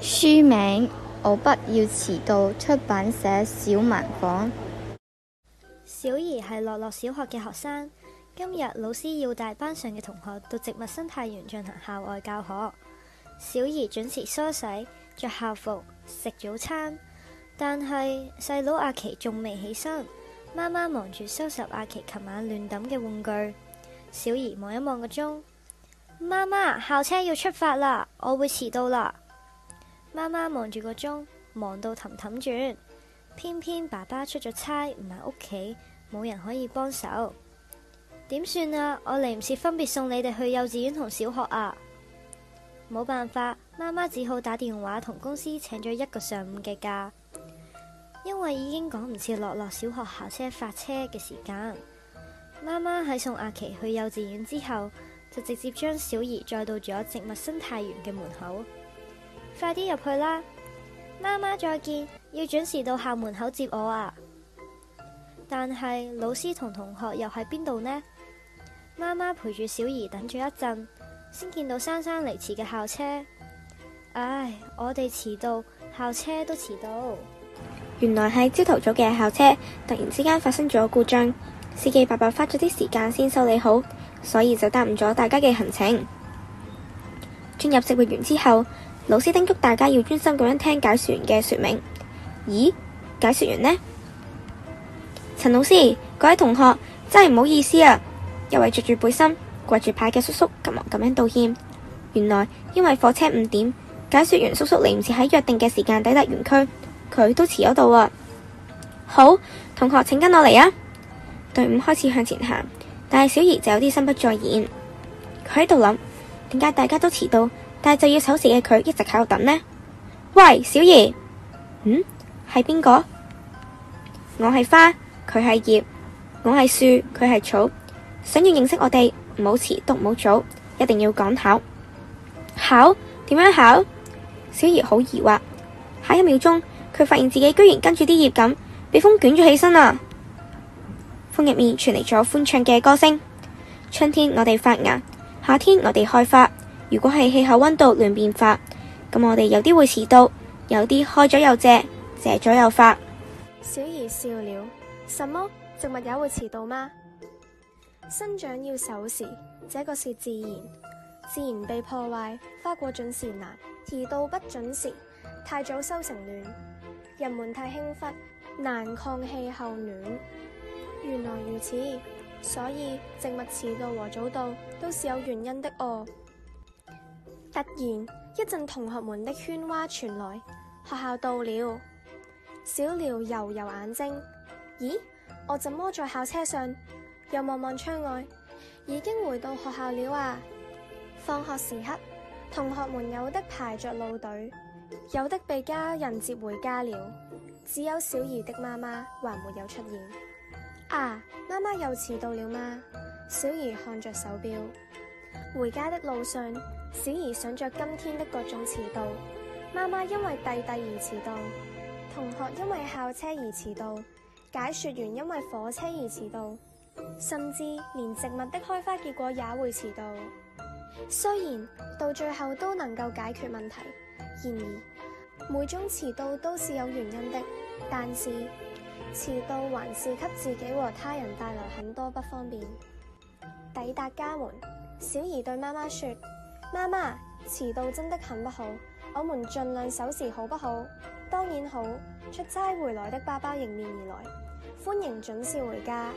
書名《我不要遲到》，出版社：小文房。小怡係樂樂小學嘅學生。今日老師要帶班上嘅同學到植物生態園進行校外教學。小怡準時梳洗，着校服，食早餐。但係細佬阿琪仲未起身，媽媽忙住收拾阿琪琴晚亂抌嘅玩具。小怡望一望個鐘，媽媽，校車要出發啦，我會遲到啦。媽媽望住個鐘，望到氹氹轉，偏偏爸爸出咗差唔喺屋企，冇人可以幫手，點算啊？我嚟唔切分別送你哋去幼稚園同小學啊！冇辦法，媽媽只好打電話同公司請咗一個上午嘅假，因為已經趕唔切落落小學校車發車嘅時間。媽媽喺送阿琪去幼稚園之後，就直接將小儀載到咗植物生態園嘅門口。快啲入去啦！媽媽再見，要準時到校門口接我啊！但係老師同同學又喺邊度呢？媽媽陪住小怡等咗一陣，先見到珊珊嚟遲嘅校車。唉，我哋遲到，校車都遲到。原來係朝頭早嘅校車突然之間發生咗故障，司機伯伯花咗啲時間先修理好，所以就耽誤咗大家嘅行程。進入植物園之後，老師叮囑大家要專心咁樣聽解說員嘅說明。咦？解說員呢？陳老師，各位同學，真係唔好意思啊！有位着住背心、掛住牌嘅叔叔急忙咁樣道歉。原來因為火車誤點，解說員叔叔嚟唔切喺約定嘅時間抵達園區，佢都遲咗到啊！好，同學請跟我嚟啊！隊伍開始向前行，但係小儀就有啲心不在焉。佢喺度諗，點解大家都遲到？但就要守時嘅佢一直喺度等呢？喂，小葉，嗯，係邊個？我係花，佢係葉，我係樹，佢係草。想要認識我哋，唔好遲，都唔好早，一定要趕考。考？點樣考？小葉好疑惑。下一秒鐘，佢發現自己居然跟住啲葉咁被風捲咗起身啦、啊。風入面傳嚟咗歡唱嘅歌聲。春天我哋發芽，夏天我哋開花。如果係氣候溫度亂變化，咁我哋有啲會遲到，有啲開咗又謝，謝咗又發。小怡笑了，什麼植物也會遲到嗎？生長要守時，這個是自然。自然被破壞，花果準時難，遲到不準時，太早收成暖。人們太輕忽，難抗氣候暖。原來如此，所以植物遲到和早到都是有原因的哦。突然，一陣同學們的喧嘩傳來，學校到了。小廖揉揉眼睛，咦，我怎麼在校車上？又望望窗外，已經回到學校了啊！放學時刻，同學們有的排着路隊，有的被家人接回家了，只有小怡的媽媽還沒有出現。啊，媽媽又遲到了嗎？小怡看着手表。回家的路上，小兒想着今天的各種遲到：媽媽因為弟弟而遲到，同學因為校車而遲到，解說員因為火車而遲到，甚至連植物的開花結果也會遲到。雖然到最後都能夠解決問題，然而每種遲到都是有原因的，但是遲到還是給自己和他人帶來很多不方便。抵達家門，小儀對媽媽說：媽媽，遲到真的很不好，我們盡量守時，好不好？當然好。出差回來的爸爸迎面而來，歡迎準時回家。